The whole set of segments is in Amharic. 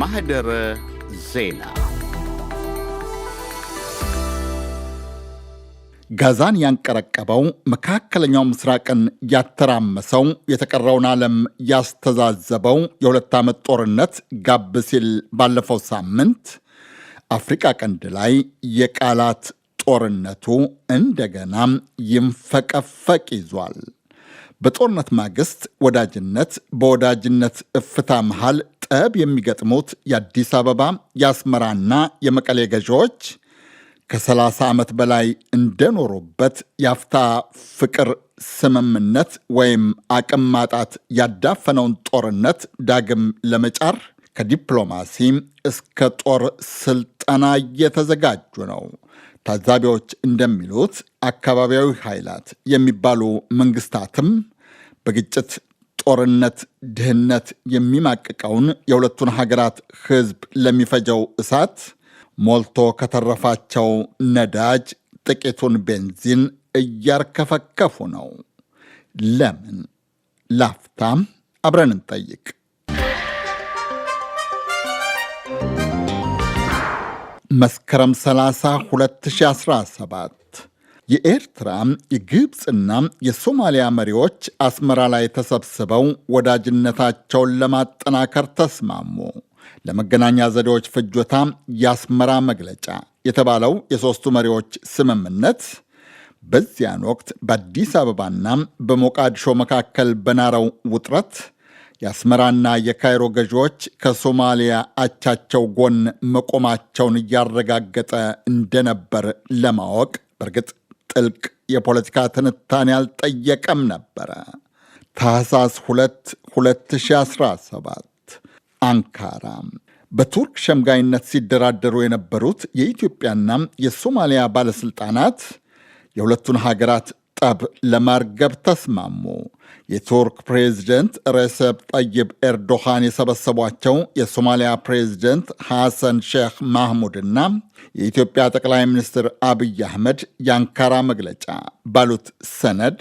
ማህደረ ዜና ጋዛን ያንቀረቀበው መካከለኛው ምስራቅን ያተራመሰው የተቀረውን ዓለም ያስተዛዘበው የሁለት ዓመት ጦርነት ጋብ ሲል ባለፈው ሳምንት አፍሪቃ ቀንድ ላይ የቃላት ጦርነቱ እንደገና ይንፈቀፈቅ ይዟል። በጦርነት ማግስት ወዳጅነት በወዳጅነት እፍታ መሃል ጠብ የሚገጥሙት የአዲስ አበባ የአስመራና የመቀሌ ገዢዎች ከ30 ዓመት በላይ እንደኖሩበት የአፍታ ፍቅር ስምምነት ወይም አቅም ማጣት ያዳፈነውን ጦርነት ዳግም ለመጫር ከዲፕሎማሲ እስከ ጦር ስልጠና እየተዘጋጁ ነው። ታዛቢዎች እንደሚሉት አካባቢያዊ ኃይላት የሚባሉ መንግስታትም በግጭት ጦርነት፣ ድህነት የሚማቅቀውን የሁለቱን ሀገራት ህዝብ ለሚፈጀው እሳት ሞልቶ ከተረፋቸው ነዳጅ ጥቂቱን ቤንዚን እያርከፈከፉ ነው። ለምን? ላፍታም አብረን እንጠይቅ። መስከረም 30 2017 የኤርትራ የግብፅና የሶማሊያ መሪዎች አስመራ ላይ ተሰብስበው ወዳጅነታቸውን ለማጠናከር ተስማሙ። ለመገናኛ ዘዴዎች ፍጆታ የአስመራ መግለጫ የተባለው የሦስቱ መሪዎች ስምምነት በዚያን ወቅት በአዲስ አበባና በሞቃዲሾ መካከል በናረው ውጥረት የአስመራና የካይሮ ገዢዎች ከሶማሊያ አቻቸው ጎን መቆማቸውን እያረጋገጠ እንደነበር ለማወቅ በእርግጥ ጥልቅ የፖለቲካ ትንታኔ አልጠየቀም ነበረ። ታህሳስ 2 2017 አንካራ በቱርክ ሸምጋይነት ሲደራደሩ የነበሩት የኢትዮጵያና የሶማሊያ ባለሥልጣናት የሁለቱን ሀገራት ጠብ ለማርገብ ተስማሙ። የቱርክ ፕሬዝደንት ረሰብ ጠይብ ኤርዶሃን የሰበሰቧቸው የሶማሊያ ፕሬዝደንት ሐሰን ሼህ ማህሙድ እና የኢትዮጵያ ጠቅላይ ሚኒስትር አብይ አህመድ የአንካራ መግለጫ ባሉት ሰነድ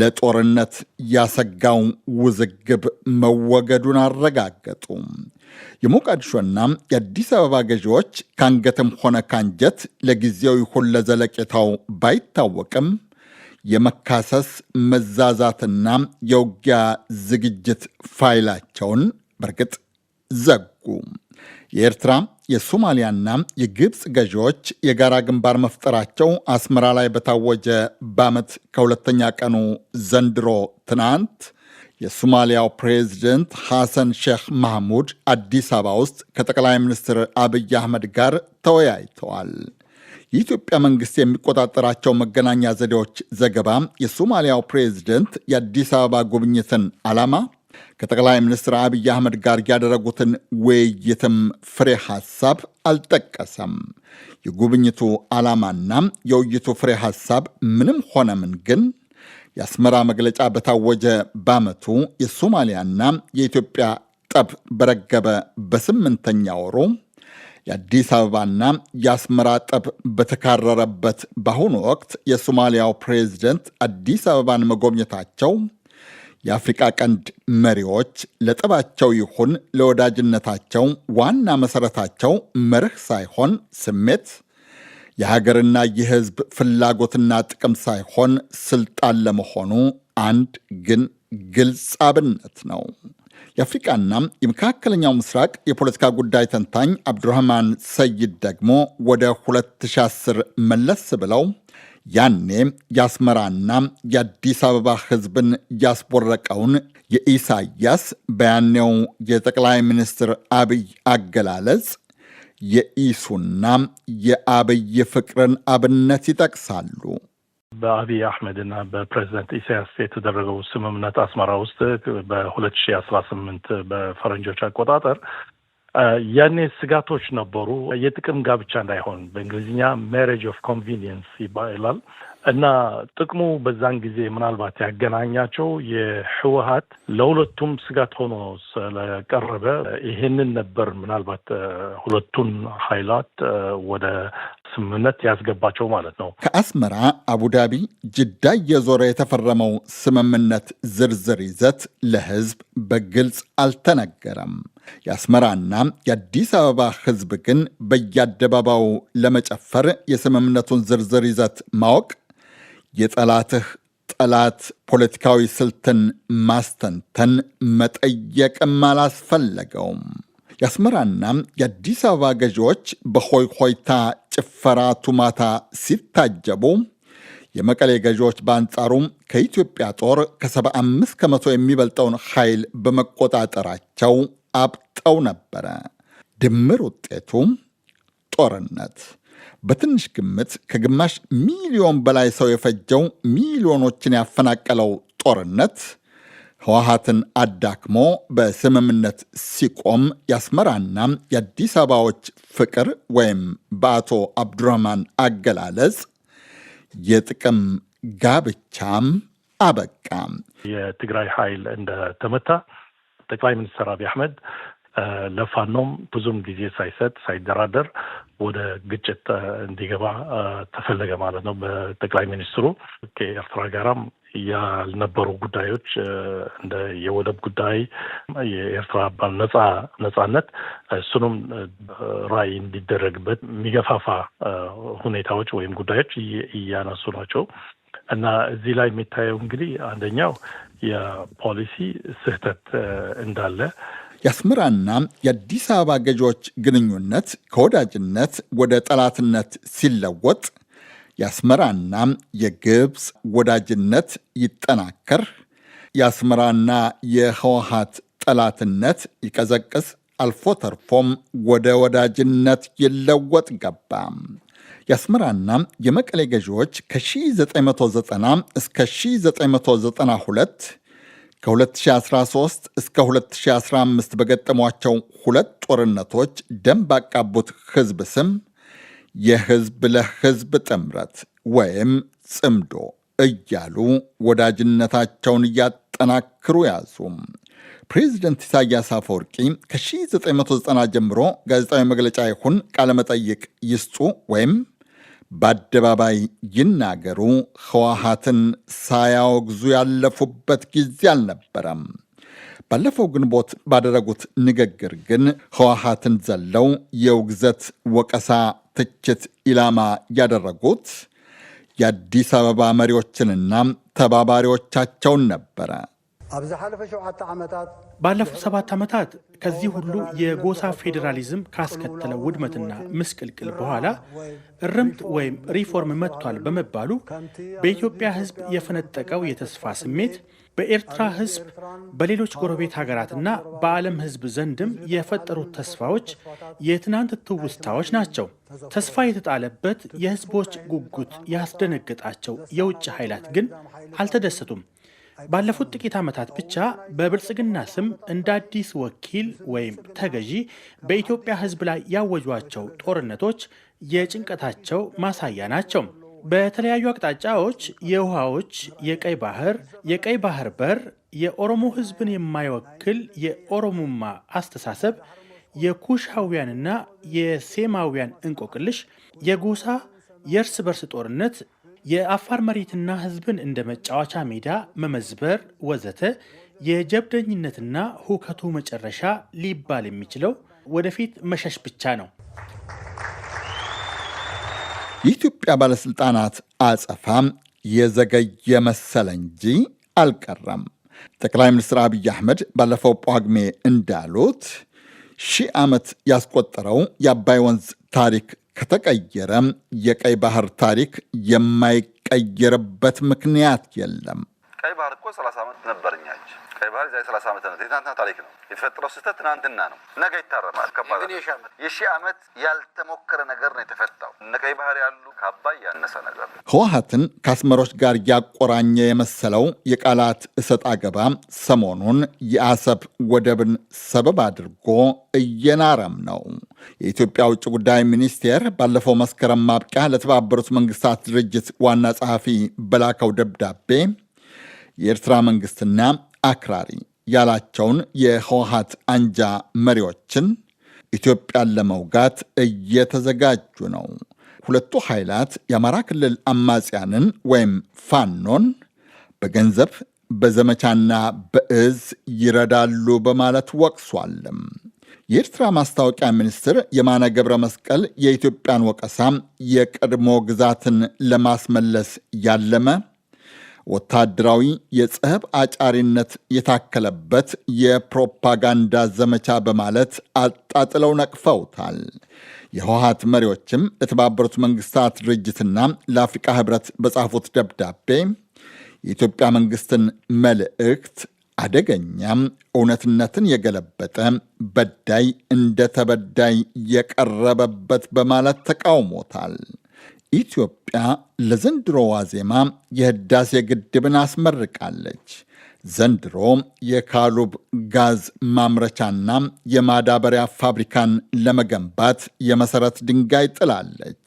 ለጦርነት ያሰጋው ውዝግብ መወገዱን አረጋገጡ። የሞቃዲሾና የአዲስ አበባ ገዢዎች ከአንገትም ሆነ ካንጀት ለጊዜው ይሁን ለዘለቄታው ባይታወቅም የመካሰስ መዛዛትና የውጊያ ዝግጅት ፋይላቸውን በርግጥ ዘጉ። የኤርትራ የሶማሊያና የግብፅ ገዢዎች የጋራ ግንባር መፍጠራቸው አስመራ ላይ በታወጀ በዓመት ከሁለተኛ ቀኑ ዘንድሮ ትናንት የሶማሊያው ፕሬዝደንት ሐሰን ሼክ ማህሙድ አዲስ አበባ ውስጥ ከጠቅላይ ሚኒስትር አብይ አህመድ ጋር ተወያይተዋል። የኢትዮጵያ መንግስት የሚቆጣጠራቸው መገናኛ ዘዴዎች ዘገባ የሶማሊያው ፕሬዝደንት የአዲስ አበባ ጉብኝትን ዓላማ ከጠቅላይ ሚኒስትር አብይ አህመድ ጋር ያደረጉትን ውይይትም ፍሬ ሐሳብ አልጠቀሰም። የጉብኝቱ ዓላማና የውይይቱ ፍሬ ሐሳብ ምንም ሆነ ምን ግን የአስመራ መግለጫ በታወጀ በዓመቱ የሶማሊያና የኢትዮጵያ ጠብ በረገበ በስምንተኛ ወሩ የአዲስ አበባና የአስመራ ጠብ በተካረረበት በአሁኑ ወቅት የሶማሊያው ፕሬዝደንት አዲስ አበባን መጎብኘታቸው የአፍሪቃ ቀንድ መሪዎች ለጠባቸው ይሁን ለወዳጅነታቸው ዋና መሠረታቸው መርህ ሳይሆን ስሜት፣ የሀገርና የሕዝብ ፍላጎትና ጥቅም ሳይሆን ስልጣን ለመሆኑ አንድ ግን ግልጽ አብነት ነው። የአፍሪቃና የመካከለኛው ምስራቅ የፖለቲካ ጉዳይ ተንታኝ አብዱራህማን ሰይድ ደግሞ ወደ 2010 መለስ ብለው ያኔ የአስመራና የአዲስ አበባ ህዝብን ያስቦረቀውን የኢሳያስ በያኔው የጠቅላይ ሚኒስትር አብይ አገላለጽ የኢሱና የአብይ ፍቅርን አብነት ይጠቅሳሉ። በአብይ አሕመድ እና በፕሬዚደንት ኢሳያስ የተደረገው ስምምነት አስመራ ውስጥ በሁለት ሺ አስራ ስምንት በፈረንጆች አቆጣጠር ያኔ ስጋቶች ነበሩ። የጥቅም ጋብቻ እንዳይሆን በእንግሊዝኛ ሜሬጅ ኦፍ ኮንቪኒየንስ ይባላል። እና ጥቅሙ በዛን ጊዜ ምናልባት ያገናኛቸው የህወሀት ለሁለቱም ስጋት ሆኖ ስለቀረበ ይሄንን ነበር ምናልባት ሁለቱን ኃይላት ወደ ስምምነት ያስገባቸው ማለት ነው። ከአስመራ አቡዳቢ፣ ጅዳ እየዞረ የተፈረመው ስምምነት ዝርዝር ይዘት ለህዝብ በግልጽ አልተነገረም። የአስመራና የአዲስ አበባ ህዝብ ግን በየአደባባዩ ለመጨፈር የስምምነቱን ዝርዝር ይዘት ማወቅ የጠላትህ ጠላት ፖለቲካዊ ስልትን ማስተንተን መጠየቅም አላስፈለገውም። የአስመራና የአዲስ አበባ ገዢዎች በሆይሆይታ ጭፈራ፣ ቱማታ ሲታጀቡ የመቀሌ ገዢዎች በአንጻሩም ከኢትዮጵያ ጦር ከ75 ከመቶ የሚበልጠውን ኃይል በመቆጣጠራቸው አብጠው ነበረ። ድምር ውጤቱ ጦርነት በትንሽ ግምት ከግማሽ ሚሊዮን በላይ ሰው የፈጀው ሚሊዮኖችን ያፈናቀለው ጦርነት ህወሀትን አዳክሞ በስምምነት ሲቆም የአስመራና የአዲስ አበባዎች ፍቅር ወይም በአቶ አብዱራህማን አገላለጽ የጥቅም ጋብቻም አበቃም። የትግራይ ኃይል እንደተመታ ጠቅላይ ሚኒስትር አብይ አህመድ። ለፋኖም ብዙም ጊዜ ሳይሰጥ ሳይደራደር ወደ ግጭት እንዲገባ ተፈለገ ማለት ነው። በጠቅላይ ሚኒስትሩ ከኤርትራ ጋራም ያልነበሩ ጉዳዮች እንደ የወደብ ጉዳይ፣ የኤርትራ ነጻ ነጻነት እሱንም ራዕይ እንዲደረግበት የሚገፋፋ ሁኔታዎች ወይም ጉዳዮች እያነሱ ናቸው እና እዚህ ላይ የሚታየው እንግዲህ አንደኛው የፖሊሲ ስህተት እንዳለ የአስመራና የአዲስ አበባ ገዢዎች ግንኙነት ከወዳጅነት ወደ ጠላትነት ሲለወጥ የአስመራና የግብፅ ወዳጅነት ይጠናከር፣ የአስመራና የህወሀት ጠላትነት ይቀዘቅዝ፣ አልፎ ተርፎም ወደ ወዳጅነት ይለወጥ ገባ። የአስመራና የመቀሌ ገዢዎች ከ1990 እስከ 1992 ከ2013 እስከ 2015 በገጠሟቸው ሁለት ጦርነቶች ደም ባቃቡት ህዝብ ስም የህዝብ ለህዝብ ጥምረት ወይም ጽምዶ እያሉ ወዳጅነታቸውን እያጠናክሩ ያዙ። ፕሬዚደንት ኢሳያስ አፈወርቂ ከ1990 ጀምሮ ጋዜጣዊ መግለጫ ይሁን ቃለመጠይቅ ይስጡ ወይም በአደባባይ ይናገሩ ህወሓትን ሳያወግዙ ያለፉበት ጊዜ አልነበረም። ባለፈው ግንቦት ባደረጉት ንግግር ግን ህወሓትን ዘለው የውግዘት ወቀሳ፣ ትችት ኢላማ ያደረጉት የአዲስ አበባ መሪዎችንና ተባባሪዎቻቸውን ነበረ። ባለፉት ሰባት ዓመታት ከዚህ ሁሉ የጎሳ ፌዴራሊዝም ካስከተለው ውድመትና ምስቅልቅል በኋላ እርምት ወይም ሪፎርም መጥቷል በመባሉ በኢትዮጵያ ሕዝብ የፈነጠቀው የተስፋ ስሜት በኤርትራ ሕዝብ በሌሎች ጎረቤት ሀገራትና በዓለም ሕዝብ ዘንድም የፈጠሩት ተስፋዎች የትናንት ትውስታዎች ናቸው። ተስፋ የተጣለበት የሕዝቦች ጉጉት ያስደነገጣቸው የውጭ ኃይላት ግን አልተደሰቱም። ባለፉት ጥቂት ዓመታት ብቻ በብልጽግና ስም እንደ አዲስ ወኪል ወይም ተገዢ በኢትዮጵያ ሕዝብ ላይ ያወጇቸው ጦርነቶች የጭንቀታቸው ማሳያ ናቸው። በተለያዩ አቅጣጫዎች የውሃዎች የቀይ ባህር የቀይ ባህር በር የኦሮሞ ሕዝብን የማይወክል የኦሮሙማ አስተሳሰብ የኩሻውያንና የሴማውያን እንቆቅልሽ የጎሳ የእርስ በርስ ጦርነት የአፋር መሬትና ህዝብን እንደ መጫወቻ ሜዳ መመዝበር ወዘተ የጀብደኝነትና ሁከቱ መጨረሻ ሊባል የሚችለው ወደፊት መሸሽ ብቻ ነው። የኢትዮጵያ ባለሥልጣናት አጸፋም የዘገየ መሰለ እንጂ አልቀረም። ጠቅላይ ሚኒስትር አብይ አህመድ ባለፈው ጳጉሜ እንዳሉት ሺህ ዓመት ያስቆጠረው የአባይ ወንዝ ታሪክ ከተቀየረ የቀይ ባህር ታሪክ የማይቀየርበት ምክንያት የለም። ቀይ ባህር እኮ 30 ዓመት ነበርኛች ቀይ ባህር ዛሬ ሰላሳ ዓመት ነው። የትናንትና ታሪክ ነው። የተፈጠረው ስህተት ትናንትና ነው፣ ነገ ይታረማል። የሺህ ዓመት ያልተሞከረ ነገር ነው የተፈታው። እነ ቀይ ባህር ያሉ ከአባይ ያነሰ ነገር ነው። ህወሀትን ከአስመሮች ጋር ያቆራኘ የመሰለው የቃላት እሰጥ አገባ ሰሞኑን የአሰብ ወደብን ሰበብ አድርጎ እየናረም ነው። የኢትዮጵያ ውጭ ጉዳይ ሚኒስቴር ባለፈው መስከረም ማብቂያ ለተባበሩት መንግስታት ድርጅት ዋና ጸሐፊ በላከው ደብዳቤ የኤርትራ መንግስትና አክራሪ ያላቸውን የህወሀት አንጃ መሪዎችን ኢትዮጵያን ለመውጋት እየተዘጋጁ ነው። ሁለቱ ኃይላት የአማራ ክልል አማጽያንን ወይም ፋኖን በገንዘብ በዘመቻና በእዝ ይረዳሉ በማለት ወቅሷለም። የኤርትራ ማስታወቂያ ሚኒስትር የማነ ገብረ መስቀል የኢትዮጵያን ወቀሳም የቀድሞ ግዛትን ለማስመለስ ያለመ ወታደራዊ የጸብ አጫሪነት የታከለበት የፕሮፓጋንዳ ዘመቻ በማለት አጣጥለው ነቅፈውታል። የህወሀት መሪዎችም ለተባበሩት መንግስታት ድርጅትና ለአፍሪቃ ህብረት በጻፉት ደብዳቤ የኢትዮጵያ መንግስትን መልእክት አደገኛም እውነትነትን የገለበጠ በዳይ እንደ ተበዳይ የቀረበበት በማለት ተቃውሞታል። ኢትዮጵያ ለዘንድሮ ዋዜማ የህዳሴ ግድብን አስመርቃለች። ዘንድሮ የካሉብ ጋዝ ማምረቻና የማዳበሪያ ፋብሪካን ለመገንባት የመሰረት ድንጋይ ጥላለች።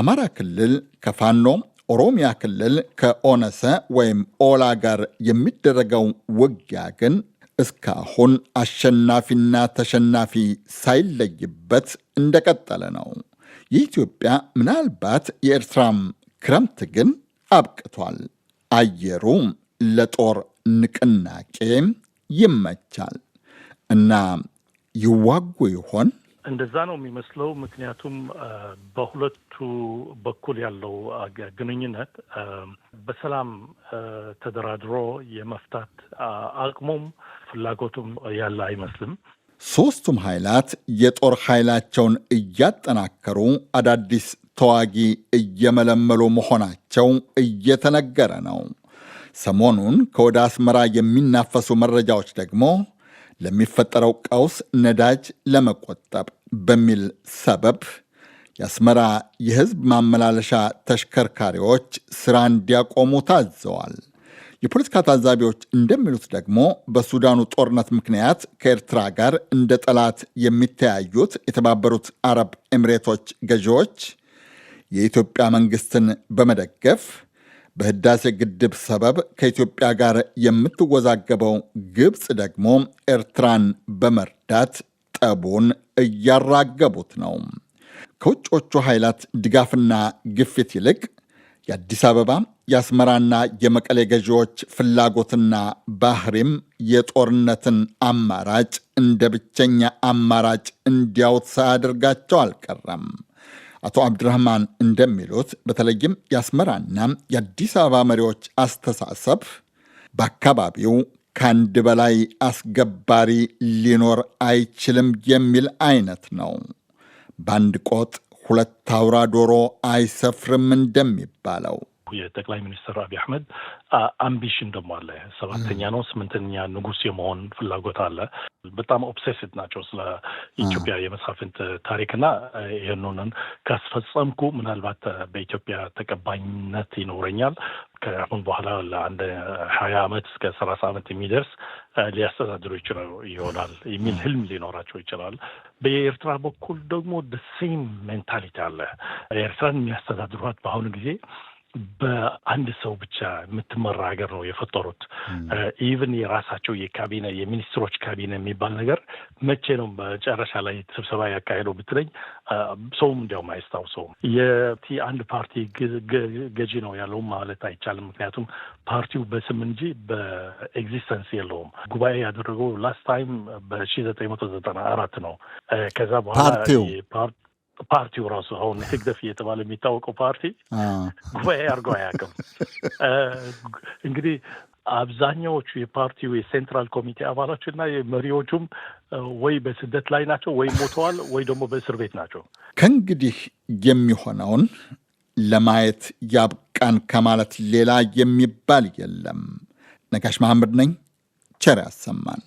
አማራ ክልል ከፋኖ ኦሮሚያ ክልል ከኦነሰ ወይም ኦላ ጋር የሚደረገው ውጊያ ግን እስካሁን አሸናፊና ተሸናፊ ሳይለይበት እንደቀጠለ ነው። የኢትዮጵያ ምናልባት የኤርትራም ክረምት ግን አብቅቷል። አየሩ ለጦር ንቅናቄ ይመቻል እና ይዋጉ ይሆን? እንደዛ ነው የሚመስለው። ምክንያቱም በሁለቱ በኩል ያለው ግንኙነት በሰላም ተደራድሮ የመፍታት አቅሙም ፍላጎቱም ያለ አይመስልም። ሦስቱም ኃይላት የጦር ኃይላቸውን እያጠናከሩ አዳዲስ ተዋጊ እየመለመሉ መሆናቸው እየተነገረ ነው። ሰሞኑን ከወደ አስመራ የሚናፈሱ መረጃዎች ደግሞ ለሚፈጠረው ቀውስ ነዳጅ ለመቆጠብ በሚል ሰበብ የአስመራ የሕዝብ ማመላለሻ ተሽከርካሪዎች ሥራ እንዲያቆሙ ታዘዋል። የፖለቲካ ታዛቢዎች እንደሚሉት ደግሞ በሱዳኑ ጦርነት ምክንያት ከኤርትራ ጋር እንደ ጠላት የሚተያዩት የተባበሩት አረብ ኤሚሬቶች ገዢዎች የኢትዮጵያ መንግስትን በመደገፍ በህዳሴ ግድብ ሰበብ ከኢትዮጵያ ጋር የምትወዛገበው ግብፅ ደግሞ ኤርትራን በመርዳት ጠቡን እያራገቡት ነው። ከውጮቹ ኃይላት ድጋፍና ግፊት ይልቅ የአዲስ አበባ የአስመራና የመቀሌ ገዢዎች ፍላጎትና ባህሪም የጦርነትን አማራጭ እንደ ብቸኛ አማራጭ እንዲያውት ሳያደርጋቸው አልቀረም። አቶ አብድራህማን እንደሚሉት በተለይም የአስመራና የአዲስ አበባ መሪዎች አስተሳሰብ በአካባቢው ከአንድ በላይ አስገባሪ ሊኖር አይችልም የሚል አይነት ነው። በአንድ ቆጥ ሁለት አውራ ዶሮ አይሰፍርም እንደሚባለው የጠቅላይ ሚኒስትር አብይ አህመድ አምቢሽን ደግሞ አለ። ሰባተኛ ነው ስምንተኛ ንጉስ የመሆን ፍላጎት አለ። በጣም ኦብሴስድ ናቸው ስለ ኢትዮጵያ የመሳፍንት ታሪክና ይህንንን ካስፈጸምኩ ምናልባት በኢትዮጵያ ተቀባይነት ይኖረኛል ከአሁን በኋላ ለአንድ ሀያ አመት እስከ ሰላሳ አመት የሚደርስ ሊያስተዳድሩ ይችላሉ ይሆናል የሚል ህልም ሊኖራቸው ይችላል። በኤርትራ በኩል ደግሞ ደሴም ሜንታሊቲ አለ። ኤርትራን የሚያስተዳድሯት በአሁኑ ጊዜ በአንድ ሰው ብቻ የምትመራ ሀገር ነው የፈጠሩት። ኢቨን የራሳቸው የካቢኔ የሚኒስትሮች ካቢኔ የሚባል ነገር መቼ ነው መጨረሻ ላይ ስብሰባ ያካሄደው ብትለኝ ሰውም እንዲያውም አይስታውሰውም። አንድ ፓርቲ ገዢ ነው ያለው ማለት አይቻልም። ምክንያቱም ፓርቲው በስም እንጂ በኤግዚስተንስ የለውም። ጉባኤ ያደረገው ላስት ታይም በሺ ዘጠኝ መቶ ዘጠና አራት ነው። ከዛ በኋላ ፓርቲው ራሱ አሁን ህግደፊ እየተባለ የሚታወቀው ፓርቲ ጉባኤ አድርጎ አያውቅም። እንግዲህ አብዛኛዎቹ የፓርቲው የሴንትራል ኮሚቴ አባላቸው እና መሪዎቹም ወይ በስደት ላይ ናቸው፣ ወይ ሞተዋል፣ ወይ ደግሞ በእስር ቤት ናቸው። ከእንግዲህ የሚሆነውን ለማየት ያብቃን ከማለት ሌላ የሚባል የለም። ነጋሽ መሐመድ ነኝ። ቸር ያሰማን።